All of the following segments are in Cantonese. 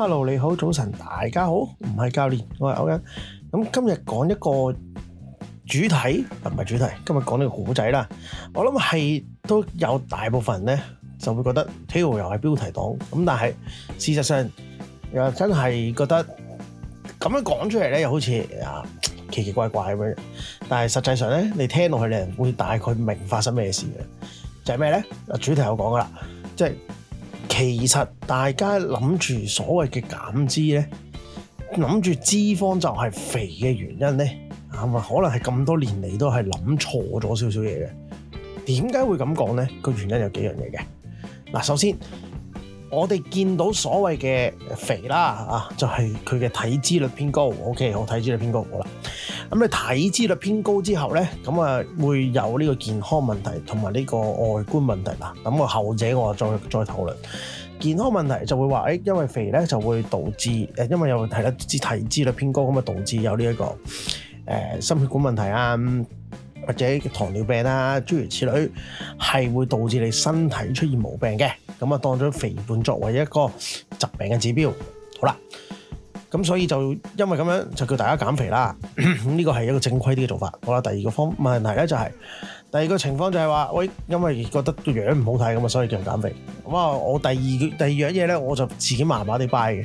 Hello，你好，早晨，大家好。唔係教練，我係歐文。咁今日講一個主題，唔係主題。今日講呢個古仔啦。我諗係都有大部分人咧，就會覺得 t a o 又係標題黨。咁但係事實上又真係覺得咁樣講出嚟咧，又好似啊，奇奇怪怪咁樣。但係實際上咧，你聽落去你又會大概明白發生咩事嘅。就係咩咧？啊，主題我講噶啦，即係。其實大家諗住所謂嘅減脂咧，諗住脂肪就係肥嘅原因咧，係咪可能係咁多年嚟都係諗錯咗少少嘢嘅？點解會咁講咧？個原因有幾樣嘢嘅。嗱，首先我哋見到所謂嘅肥啦，啊，就係佢嘅體脂率偏高。OK，好，我體脂率偏高好啦。咁你體脂率偏高之後咧，咁啊會有呢個健康問題同埋呢個外觀問題啦。咁個後者我再再討論。健康問題就會話誒，因為肥咧就會導致誒，因為又係啦，脂體脂率偏高咁啊，導致有呢、這、一個誒、呃、心血管問題啊，或者糖尿病啊，諸如此類，係會導致你身體出現毛病嘅。咁啊，當咗肥胖作為一個疾病嘅指標，好啦。咁所以就因為咁樣就叫大家減肥啦，呢個係一個正規啲嘅做法。好啦，第二個方問題咧就係、是、第二個情況就係話，喂，因為覺得個樣唔好睇咁啊，所以叫人減肥。哇，我第二第二樣嘢咧，我就自己麻麻地 by 嘅。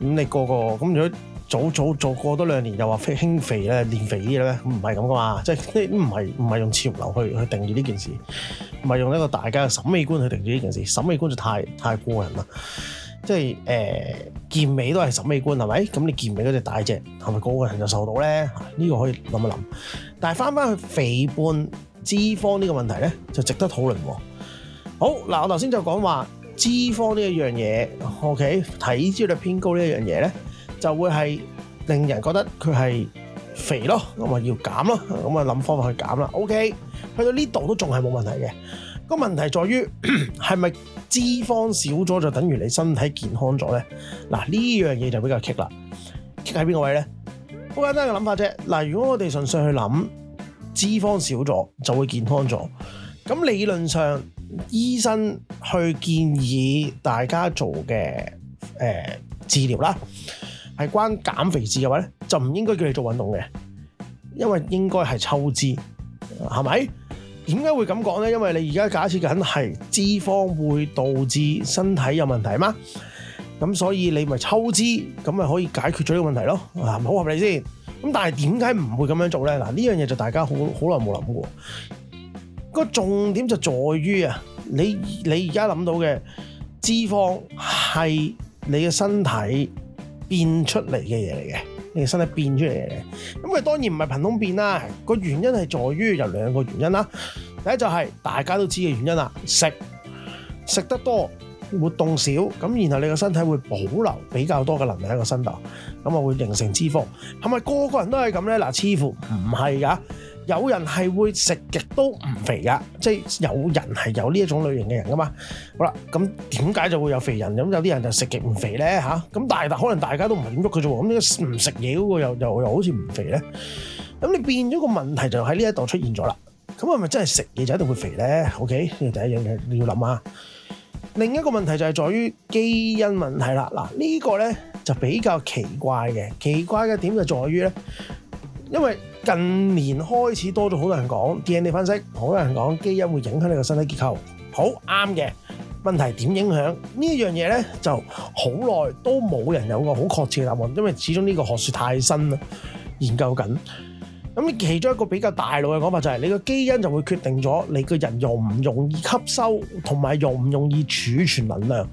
咁你個個咁如果早早做過多兩年，又話輕肥咧，練肥啲咧，唔係咁噶嘛，即係呢唔係唔係用潮流去去定義呢件事，唔係用一個大家嘅審美觀去定義呢件事，審美觀就太太過人啦。即係誒健美都係審美觀係咪？咁你健美嗰隻大隻係咪個個人就瘦到咧？呢個可以諗一諗。但係翻翻去肥胖脂肪呢個問題咧，就值得討論。好嗱，我頭先就講話脂肪呢一樣嘢，OK，體脂率偏高呢一樣嘢咧，就會係令人覺得佢係肥咯，咁啊要減咯，咁啊諗方法去減啦。OK，去到呢度都仲係冇問題嘅。個問題在於係咪？脂肪少咗就等於你身體健康咗呢？嗱，呢樣嘢就比較棘啦。棘喺邊個位呢？好簡單嘅諗法啫。嗱，如果我哋純粹去諗脂肪少咗就會健康咗，咁理論上醫生去建議大家做嘅誒、呃、治療啦，係關減肥治嘅話呢，就唔應該叫你做運動嘅，因為應該係抽脂，係咪？點解會咁講呢？因為你而家假設緊係脂肪會導致身體有問題嘛？咁所以你咪抽脂，咁咪可以解決咗呢個問題咯。啊，好合理先。咁但係點解唔會咁樣做呢？嗱，呢樣嘢就大家好好耐冇諗過。個重點就在於啊，你你而家諗到嘅脂肪係你嘅身體變出嚟嘅嘢嚟嘅。你嘅身體變出嚟嘅，咁佢當然唔係憑空變啦，個原因係在於有兩個原因啦。第一就係大家都知嘅原因啦，食食得多，活動少，咁然後你嘅身體會保留比較多嘅能量喺個身度，咁啊會形成脂肪。係咪個個人都係咁咧？嗱，似乎唔係㗎。有人係會食極都唔肥噶即係有人係有呢一種類型嘅人噶嘛。好啦，咁點解就會有肥人？咁有啲人就食極唔肥咧吓。咁但係可能大家都唔係點喐嘅啫喎。咁點解唔食嘢嗰個又又又好似唔肥咧？咁你變咗個問題就喺呢一度出現咗啦。咁係咪真係食嘢就一定會肥咧？OK，呢第一樣嘢你要諗下。另一個問題就係在於基因問題啦。嗱，這個、呢個咧就比較奇怪嘅。奇怪嘅點就在於咧。因為近年開始多咗好多人講 DNA 分析，好多人講基因會影響你個身體結構，好啱嘅。問題點影響呢樣嘢呢？就好耐都冇人有個好確切嘅答案，因為始終呢個學說太新啦，研究緊。咁其中一個比較大路嘅講法就係、是，你個基因就會決定咗你個人容唔容易吸收，同埋容唔容易儲存能量。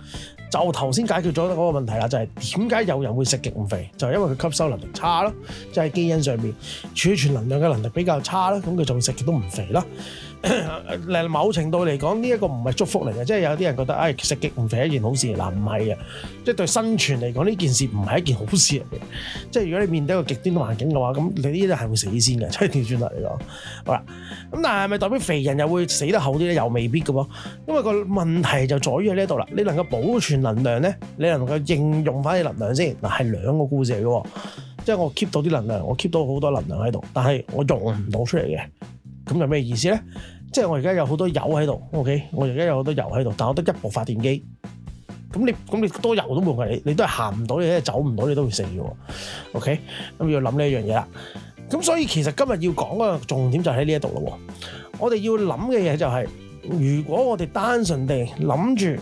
就頭先解決咗嗰個問題啦，就係點解有人會食極唔肥？就係因為佢吸收能力差囉，即係基因上面儲存能量嘅能力比較差咧，咁佢就食極都唔肥啦。 某程度嚟講，呢一個唔係祝福嚟嘅，即係有啲人覺得，誒食極唔肥係一件好事，嗱唔係嘅，即係對生存嚟講，呢件事唔係一件好事嚟嘅。即係如果你面對一個極端嘅環境嘅話，咁你呢啲係會死先嘅，即係調轉嚟講。好啦，咁但係咪代表肥人又會死得好啲咧？又未必嘅喎，因為個問題就在於喺呢度啦。你能夠保存能量咧，你能夠應用翻啲能量先，嗱係兩個故事嚟嘅，即係我 keep 到啲能量，我 keep 到好多能量喺度，但係我用唔到出嚟嘅。咁有咩意思咧？即係我而家有好多油喺度，OK？我而家有好多油喺度，但我得一部發電機。咁你咁你多油都冇用，你你都係行唔到，你走唔到，你都會死嘅。OK？咁要諗呢一樣嘢啦。咁所以其實今日要講嘅重點就喺呢一度咯。我哋要諗嘅嘢就係，如果我哋單純地諗住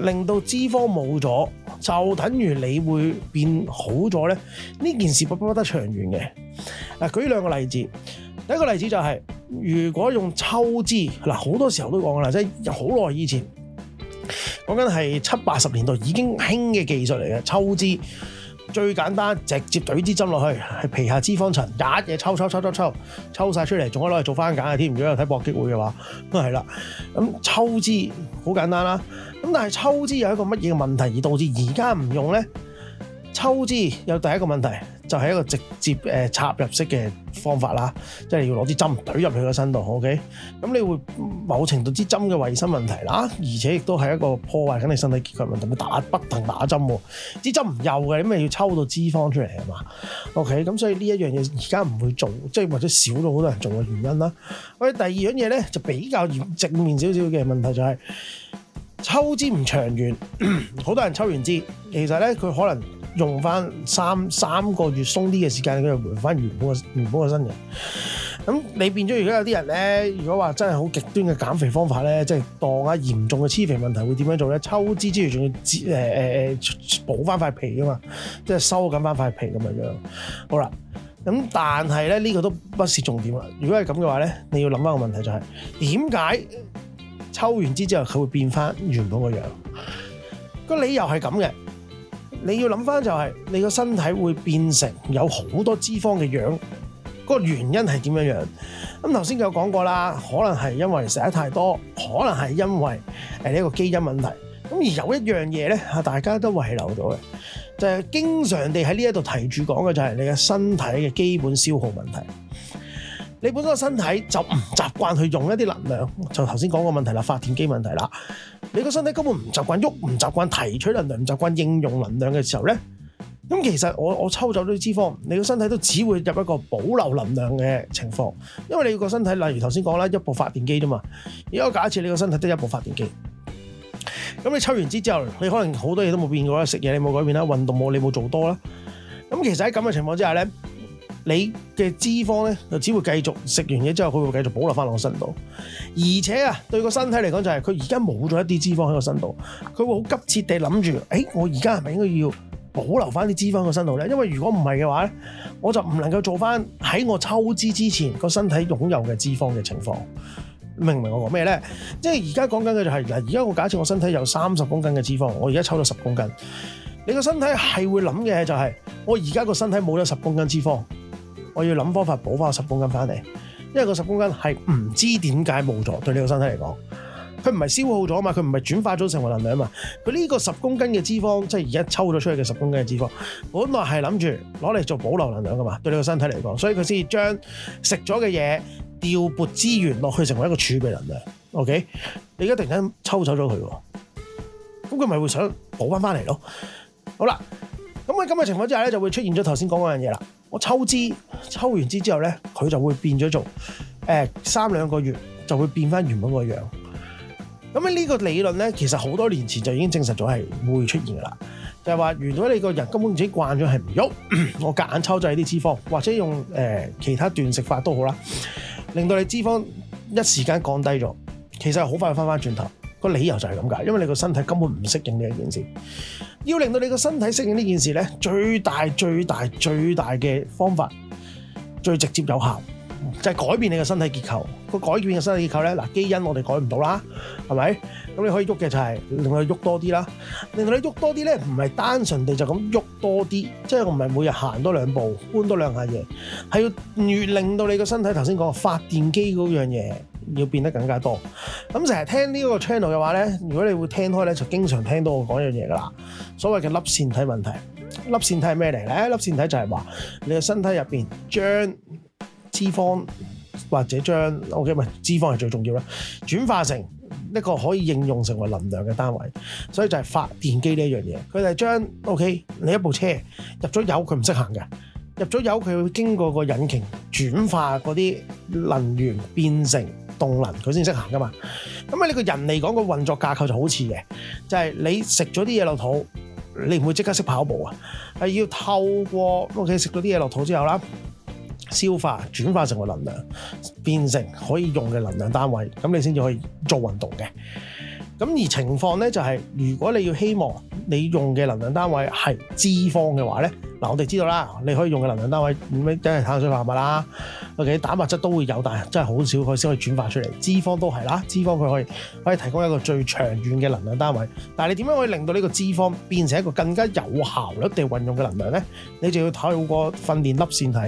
令到脂肪冇咗，就等於你會變好咗咧，呢件事不不不得長遠嘅。嗱，舉兩個例子。第一個例子就係、是，如果用抽脂嗱，好多時候都講噶啦，即係好耐以前講緊係七八十年代已經興嘅技術嚟嘅抽脂。最簡單直接懟支針落去，係皮下脂肪層，一嘢抽抽抽抽抽抽晒出嚟，仲可以攞嚟做翻緊嘅添，如果有睇搏擊會嘅話，咁係啦。咁抽脂好簡單啦，咁但係抽脂有一個乜嘢嘅問題而導致而家唔用咧？抽脂有第一個問題。就係、是、一個直接誒插入式嘅方法啦，即係要攞支針懟入去個身度，OK？咁你會某程度支針嘅衞生問題啦，而且亦都係一個破壞緊你身體結構問題，你打不停打針喎，支針唔幼嘅，你咪要抽到脂肪出嚟係嘛？OK？咁所以呢一樣嘢而家唔會做，即係或者少咗好多人做嘅原因啦。喂，第二樣嘢咧就比較正面少少嘅問題就係、是。抽脂唔長遠，好 多人抽完脂，其實咧佢可能用翻三三個月鬆啲嘅時間，佢就回翻原本嘅原本個身型。咁你變咗，如果有啲人咧，如果話真係好極端嘅減肥方法咧，即係當下嚴重嘅黐肥問題會點樣做咧？抽脂之餘仲要誒誒誒補翻塊皮噶嘛，即係收緊翻塊皮咁樣樣。好啦，咁但係咧呢、呢個都不是重點啦。如果係咁嘅話咧，你要諗翻個問題就係點解？為什麼抽完脂之後，佢會變翻原本個樣。個理由係咁嘅，你要諗翻就係你個身體會變成有好多脂肪嘅樣。個原因係點樣樣？咁頭先有講過啦，可能係因為食得太多，可能係因為誒呢一個基因問題。咁而有一樣嘢咧，啊大家都遺留咗嘅，就係經常地喺呢一度提住講嘅就係你嘅身體嘅基本消耗問題。你本身個身體就唔習慣去用一啲能量，就頭先講個問題啦，發電機問題啦。你個身體根本唔習慣喐，唔習慣提取能量，唔習慣應用能量嘅時候咧，咁其實我我抽走咗啲脂肪，你個身體都只會入一個保留能量嘅情況，因為你個身體例如頭先講啦，一部發電機啫嘛。如果假設你個身體得一部發電機，咁你抽完脂之後，你可能好多嘢都冇變過啦，食嘢你冇改變啦，運動冇，你冇做多啦。咁其實喺咁嘅情況之下咧。你嘅脂肪咧，就只會繼續食完嘢之後，佢會繼續保留翻落個身度。而且啊，對個身體嚟講，就係，就係佢而家冇咗一啲脂肪喺個身度，佢會好急切地諗住：誒，我而家係咪應該要保留翻啲脂肪喺個身度咧？因為如果唔係嘅話咧，我就唔能夠做翻喺我抽脂之前個身體擁有嘅脂肪嘅情況。明唔明我講咩咧？即係而家講緊嘅就係，係，嗱，而家我假設我身體有三十公斤嘅脂肪，我而家抽咗十公斤，你個身體係會諗嘅就係，係，我而家個身體冇咗十公斤脂肪。我要諗方法補翻十公斤翻嚟，因為個十公斤係唔知點解冇咗，對你個身體嚟講，佢唔係消耗咗嘛，佢唔係轉化咗成為能量嘛，佢呢個十公斤嘅脂肪，即係而家抽咗出去嘅十公斤嘅脂肪，本來係諗住攞嚟做保留能量噶嘛，對你個身體嚟講，所以佢先至將食咗嘅嘢調撥資源落去成為一個儲備能量。OK，你而家突然間抽走咗佢，咁佢咪會想補翻翻嚟咯？好啦，咁喺咁嘅情況之下咧，就會出現咗頭先講嗰樣嘢啦。我抽脂抽完脂之後呢，佢就會變咗做三兩個月就會變翻原本個樣。咁呢個理論呢，其實好多年前就已經證實咗係會出現噶啦。就係話，如果你個人根本自己慣咗係唔喐，我夾硬抽曬啲脂肪，或者用、呃、其他斷食法都好啦，令到你脂肪一時間降低咗，其實好快翻翻轉頭。個理由就係咁解，因為你個身體根本唔適應呢一件事。要令到你個身體適應呢件事咧，最大、最大、最大嘅方法，最直接有效就係改變你個身體結構。個改變嘅身體結構咧，嗱，基因我哋改唔到啦，係咪？咁你可以喐嘅就係令佢喐多啲啦。令到你喐多啲咧，唔係單純地就咁喐多啲，即係唔係每日行多兩步，搬多兩下嘢，係要越令到你個身體頭先講個發電機嗰樣嘢。要變得更加多，咁成日聽呢個 channel 嘅話呢，如果你會聽開呢，就經常聽到我講一樣嘢噶啦。所謂嘅粒線體問題，粒線體係咩嚟呢？粒線體就係話你嘅身體入面將脂肪或者將，OK 唔係脂肪係最重要啦，轉化成一個可以應用成為能量嘅單位，所以就係發電機呢一樣嘢。佢哋係將 OK 你一部車入咗油佢唔識行嘅，入咗油佢會經過個引擎轉化嗰啲能源變成動能佢先識行噶嘛？咁喺呢個人嚟講，個運作架構就好似嘅，就係你食咗啲嘢落肚，你唔會即刻識跑步啊，係要透過屋企食咗啲嘢落肚之後啦，消化轉化成個能量，變成可以用嘅能量單位，咁你先至可以做運動嘅。咁而情況咧就係，如果你要希望你用嘅能量單位係脂肪嘅話咧。啊、我哋知道啦，你可以用嘅能量單位，咩真係碳水化合物啦，OK，蛋白質都會有，但係真係好少佢先可以轉化出嚟。脂肪都係啦，脂肪佢可以可以提供一個最長遠嘅能量單位。但係你點樣可以令到呢個脂肪變成一個更加有效率地運用嘅能量咧？你就要透過個訓練粒線體，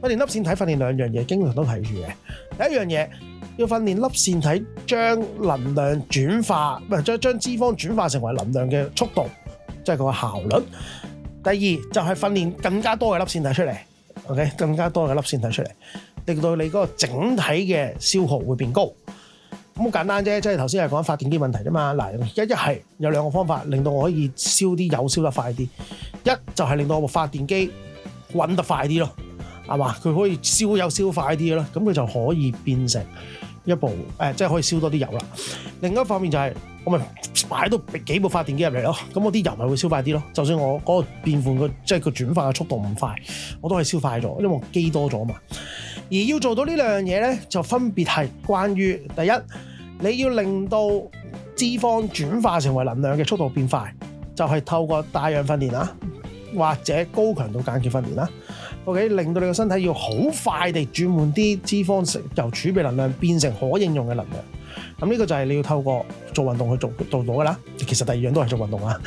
訓練粒線體訓練兩樣嘢，經常都睇住嘅。第一樣嘢要訓練粒線體將能量轉化，唔係將將脂肪轉化成為能量嘅速度，即係佢個效率。第二就係訓練更加多嘅粒線體出嚟，OK，更加多嘅粒線體出嚟，令到你嗰個整體嘅消耗會變高，咁好簡單啫，即係頭先係講緊發電機問題啫嘛，嗱，一一係有兩個方法令到我可以燒啲油燒得快啲，一就係令到我發電機滾得快啲咯，係嘛，佢可以燒油燒快啲嘅咯，咁佢就可以變成。一部誒、呃，即係可以燒多啲油啦。另一方面就係、是，我咪擺到幾部發電機入嚟咯。咁我啲油咪會燒快啲咯。就算我嗰個變換個即係個轉化嘅速度唔快，我都係燒快咗，因為我機多咗啊嘛。而要做到呢兩樣嘢咧，就分別係關於第一，你要令到脂肪轉化成為能量嘅速度變快，就係、是、透過大量訓練啦，或者高強度間歇訓練啦。Okay? 令到你個身體要好快地轉換啲脂肪由儲備能量變成可應用嘅能量，咁呢個就係你要透過做運動去做，做，做到噶啦。其實第二樣都係做運動啊。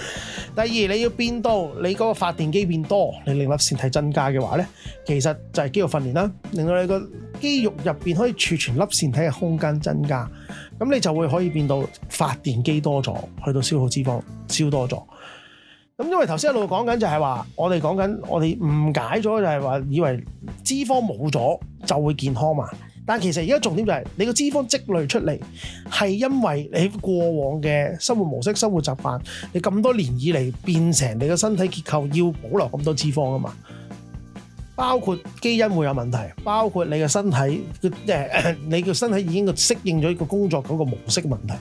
第二你要變到你嗰個發電機變多，你令粒線體增加嘅話呢，其實就係肌肉訓練啦。令到你個肌肉入面可以儲存粒線體嘅空間增加，咁你就會可以變到發電機多咗，去到消耗脂肪燒多咗。咁因為頭先一路講緊，就係話我哋講緊，我哋誤解咗，就係話以為脂肪冇咗就會健康嘛。但其實而家重點就係你個脂肪積累出嚟係因為你過往嘅生活模式、生活習慣，你咁多年以嚟變成你個身體結構要保留咁多脂肪啊嘛。包括基因會有問題，包括你嘅身體，你嘅身體已經適應咗呢個工作嗰個模式問題。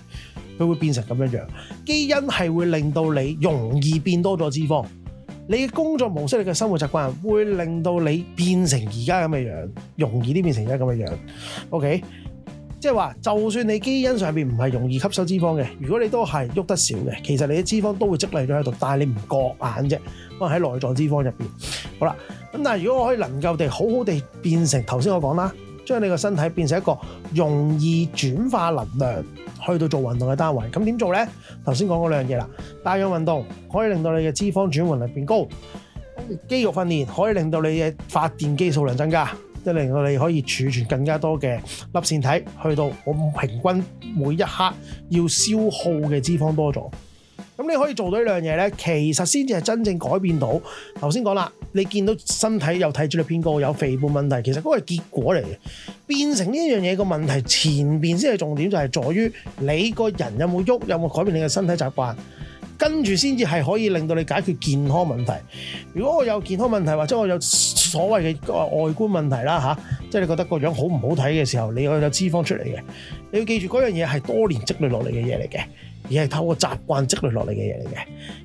佢會變成咁樣樣，基因係會令到你容易變多咗脂肪。你嘅工作模式、你嘅生活習慣會令到你變成而家咁嘅樣，容易啲變成而家咁嘅樣。OK，即係話，就算你基因上面唔係容易吸收脂肪嘅，如果你都係喐得少嘅，其實你嘅脂肪都會積累咗喺度，但係你唔覺眼啫，可能喺內臟脂肪入邊。好啦，咁但係如果我可以能夠地好好地變成頭先我講啦，將你個身體變成一個容易轉化能量。去到做運動嘅單位，咁點做呢？頭先講過兩樣嘢啦，帶氧運動可以令到你嘅脂肪轉換率變高，肌肉訓練可以令到你嘅發電機數量增加，即係令到你可以儲存更加多嘅粒線體，去到我平均每一刻要消耗嘅脂肪多咗。咁你可以做到呢樣嘢呢，其實先至係真正改變到。頭先講啦，你見到身體有體脂率偏高、有肥胖問題，其實嗰個係結果嚟嘅。變成呢一樣嘢個問題，前面先係重點，就係在於你個人有冇喐，有冇改變你嘅身體習慣，跟住先至係可以令到你解決健康問題。如果我有健康問題，或者我有所謂嘅外觀問題啦吓、啊，即係你覺得個樣好唔好睇嘅時候，你有有脂肪出嚟嘅。你要記住嗰樣嘢係多年積累落嚟嘅嘢嚟嘅。而係透過習慣積累落嚟嘅嘢嚟嘅。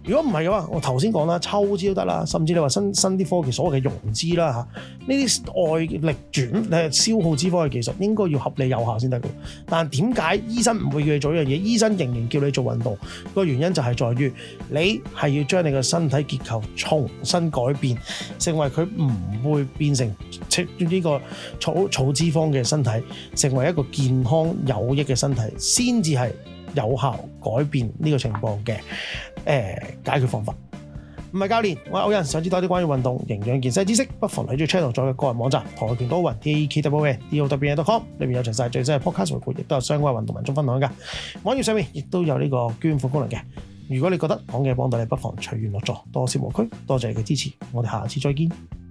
如果唔係嘅話，我頭先講啦，抽脂都得啦，甚至你話新新啲科技所謂嘅融脂啦吓，呢啲外力轉你係消耗脂肪嘅技術，應該要合理有效先得嘅。但點解醫生唔會叫你做一樣嘢？醫生仍然叫你做運動，個原因就係在於你係要將你嘅身體結構重新改變，成為佢唔會變成呢個儲儲脂肪嘅身體，成為一個健康有益嘅身體，先至係。有效改變呢個情況嘅誒解決方法，唔係教練，我係歐人想知多啲關於運動營養健身知識，不妨嚟住個 channel 再嘅個人網站跆拳道 Wen T A E K W O N D O W E N dot com，裏面有齊曬最新嘅 podcast 回顧，亦都有相關運動文章分享㗎。網頁上面亦都有呢個捐款功能嘅。如果你覺得我講嘅幫到你，不妨隨緣樂助，多謝無區，多謝你嘅支持，我哋下次再見。